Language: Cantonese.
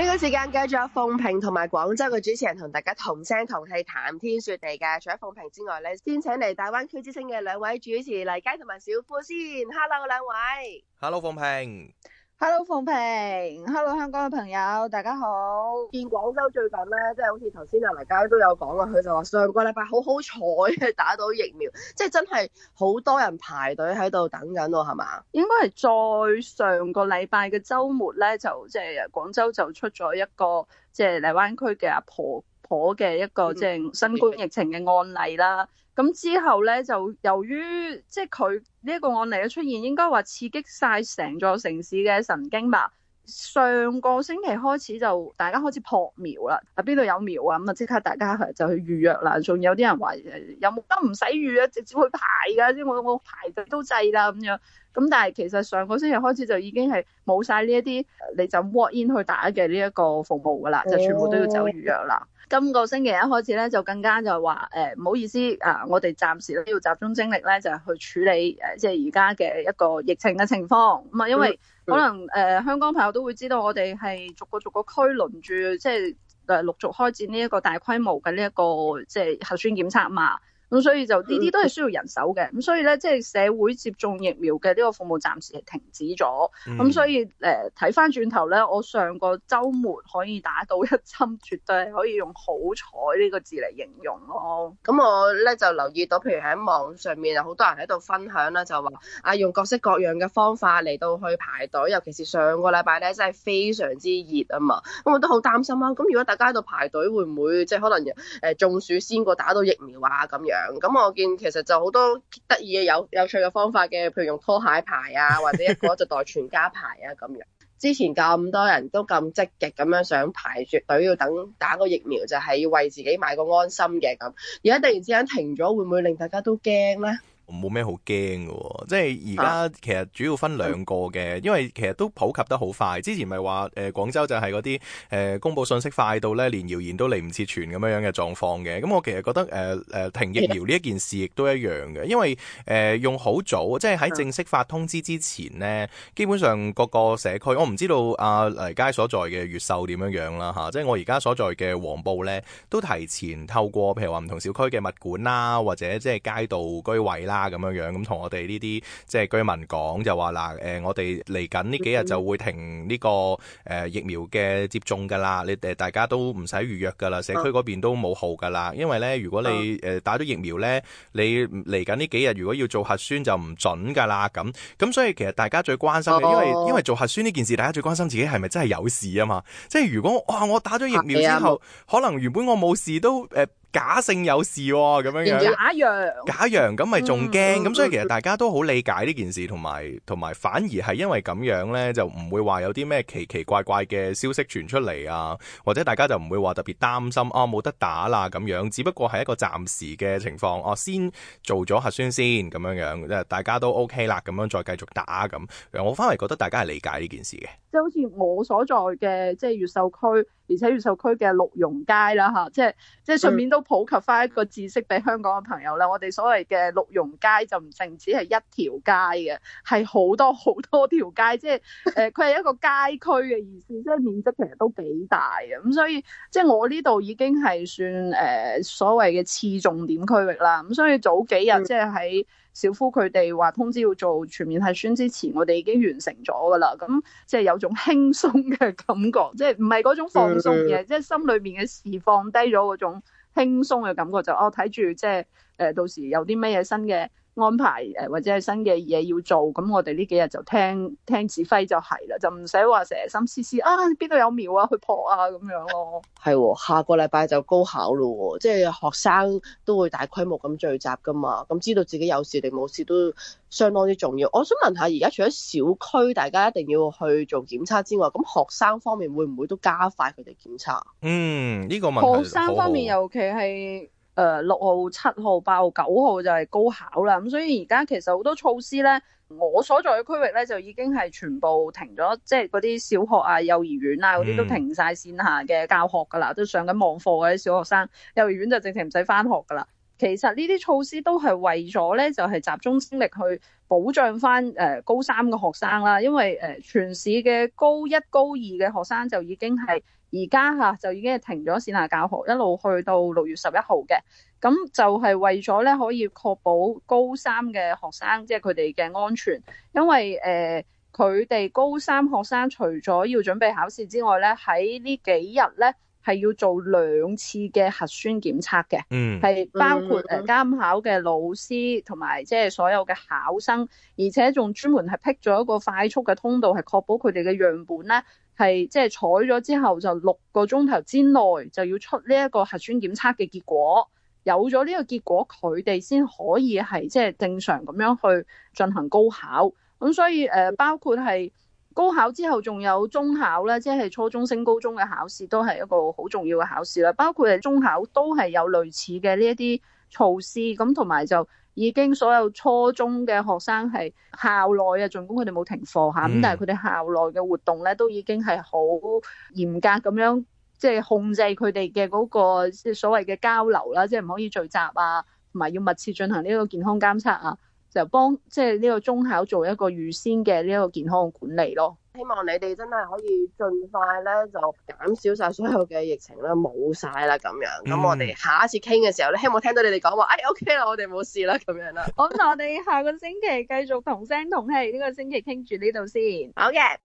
呢個時間繼續有鳳平同埋廣州嘅主持人同大家同聲同氣談天說地嘅，除咗鳳平之外咧，先請嚟大灣區之聲嘅兩位主持黎佳同埋小富先，Hello，兩位，Hello，鳳平。hello 鳳平，hello 香港嘅朋友，大家好。見廣州最近咧，即係好似頭先阿黎佳都有講啦，佢就話上個禮拜好好彩，打到疫苗，即係真係好多人排隊喺度等緊喎，係嘛？應該係再上個禮拜嘅周末咧，就即係廣州就出咗一個即係荔灣區嘅阿婆婆嘅一個即係新冠疫情嘅案例啦。嗯嗯咁之後咧，就由於即係佢呢一個案例嘅出現，應該話刺激晒成座城市嘅神經吧。上個星期開始就大家開始撲苗啦，啊邊度有苗啊，咁啊即刻大家就去預約啦。仲有啲人話有冇得唔使預啊，直接去排㗎？即係我我排隊都滯啦咁樣。咁但係其實上個星期開始就已經係冇晒呢一啲你就 walk in 去打嘅呢一個服務㗎啦，就全部都要走預約啦。今個星期一開始咧，就更加就係話誒，唔好意思啊，我哋暫時都要集中精力咧，就係去處理誒，即係而家嘅一個疫情嘅情況。咁啊，因為可能誒香港朋友都會知道，我哋係逐個逐個區輪住，即係誒陸續開展呢一個大規模嘅呢一個即係核酸檢測嘛。咁所以就呢啲都係需要人手嘅。咁所以咧，即係社會接種疫苗嘅呢個服務暫時係停止咗。咁、嗯、所以誒睇翻轉頭咧，我上個周末可以打到一針，絕對可以用好彩呢，這個字嚟形容咯。咁、嗯、我咧就留意到，譬如喺網上面有好多人喺度分享啦，就話啊用各式各樣嘅方法嚟到去排隊，尤其是上個禮拜咧，真係非常之熱啊嘛。咁我都好擔心啦、啊。咁如果大家喺度排隊，會唔會即係可能誒中暑先過打到疫苗啊咁樣？咁我見其實就好多得意嘅、有有趣嘅方法嘅，譬如用拖鞋牌啊，或者一個就代全家牌啊咁樣。之前咁多人都咁積極咁樣想排住隊要等打個疫苗，就係要為自己買個安心嘅咁。而家突然之間停咗，會唔會令大家都驚咧？冇咩好驚嘅喎，即係而家其實主要分兩個嘅，因為其實都普及得好快。之前咪話誒廣州就係嗰啲誒公布信息快到咧，連謠言都嚟唔切傳咁樣樣嘅狀況嘅。咁我其實覺得誒誒、呃呃、停疫苗呢一件事亦都一樣嘅，因為誒、呃、用好早，即係喺正式發通知之前咧，基本上各個社區我唔知道阿黎佳所在嘅越秀點樣樣啦吓，即係我而家所在嘅黃埔咧，都提前透過譬如話唔同小區嘅物管啦，或者即係街道居委啦。咁樣樣，咁同我哋呢啲即係居民講，就話嗱，誒、呃，我哋嚟緊呢幾日就會停呢、這個誒、呃、疫苗嘅接種噶啦，你誒大家都唔使預約噶啦，社區嗰邊都冇號噶啦，因為咧，如果你誒、呃、打咗疫苗咧，你嚟緊呢幾日如果要做核酸就唔準噶啦，咁咁所以其實大家最關心嘅，因為因為做核酸呢件事，大家最關心自己係咪真係有事啊嘛，即係如果哇、哦、我打咗疫苗之後，Yeah. 可能原本我冇事都誒。呃假性有事咁、哦、樣假羊假樣，假陽、嗯，假陽咁咪仲驚，咁所以其實大家都好理解呢件事，同埋同埋反而係因為咁樣咧，就唔會話有啲咩奇奇怪怪嘅消息傳出嚟啊，或者大家就唔會話特別擔心啊冇得打啦咁樣只不過係一個暫時嘅情況，哦、啊、先做咗核酸先咁樣樣，即係大家都 OK 啦，咁樣再繼續打咁。我翻嚟覺得大家係理解呢件事嘅，即係好似我所在嘅即係越秀區，而且越秀區嘅六榕街啦吓，即係即係順便都。普及翻一個知識俾香港嘅朋友啦。我哋所謂嘅六榕街就唔淨止係一條街嘅，係好多好多條街，即係誒、佢、呃、係一個街區嘅意思，即係面積其實都幾大啊。咁所以即係我呢度已經係算誒、呃、所謂嘅次重點區域啦。咁所以早幾日即係喺小夫佢哋話通知要做全面核酸之前，我哋已經完成咗噶啦。咁即係有種輕鬆嘅感覺，即係唔係嗰種放鬆嘅，即係心裏面嘅事放低咗嗰種。輕鬆嘅感覺，就哦，睇住即係誒、呃、到時有啲咩嘢新嘅。安排誒，或者係新嘅嘢要做，咁我哋呢幾日就聽聽指揮就係啦，就唔使話成日心思思啊，邊度有苗啊去破啊咁樣咯。係喎，下個禮拜就高考嘞喎，即係學生都會大規模咁聚集噶嘛，咁知道自己有事定冇事都相當之重要。我想問下，而家除咗小區大家一定要去做檢測之外，咁學生方面會唔會都加快佢哋檢測？嗯，呢個問題，學生方面尤其係。誒，六號、uh,、七號、八號、九號就係高考啦，咁所以而家其實好多措施咧，我所在嘅區域咧就已經係全部停咗，即係嗰啲小學啊、幼兒園啊嗰啲都停晒線下嘅教學噶啦，都上緊網課嗰啲小學生，幼兒園就直情唔使翻學噶啦。其實呢啲措施都係為咗咧，就係、是、集中精力去保障翻誒高三嘅學生啦，因為誒、呃、全市嘅高一、高二嘅學生就已經係。而家吓就已經係停咗線下教學，一路去到六月十一號嘅，咁就係為咗咧可以確保高三嘅學生，即係佢哋嘅安全，因為誒佢哋高三學生除咗要準備考試之外咧，喺呢幾日咧。係要做兩次嘅核酸檢測嘅，係、嗯、包括誒監考嘅老師同埋即係所有嘅考生，而且仲專門係闢咗一個快速嘅通道，係確保佢哋嘅樣本咧係即係採咗之後就六個鐘頭之內就要出呢一個核酸檢測嘅結果。有咗呢個結果，佢哋先可以係即係正常咁樣去進行高考。咁所以誒、呃，包括係。高考之後仲有中考啦，即係初中升高中嘅考試都係一個好重要嘅考試啦。包括係中考都係有類似嘅呢一啲措施咁，同埋就已經所有初中嘅學生係校內啊，儘管佢哋冇停課嚇，咁、嗯、但係佢哋校內嘅活動咧都已經係好嚴格咁樣，即係控制佢哋嘅嗰個所謂嘅交流啦，即係唔可以聚集啊，同埋要密切進行呢個健康監測啊。就幫即係呢個中考做一個預先嘅呢個健康管理咯，希望你哋真係可以盡快咧就減少晒所有嘅疫情啦，冇晒啦咁樣，咁、嗯、我哋下一次傾嘅時候咧，希望聽到你哋講話，哎，OK 啦，我哋冇事啦咁樣啦，咁我哋下個星期繼續同聲同氣，呢、呢個星期傾住呢度先，好嘅。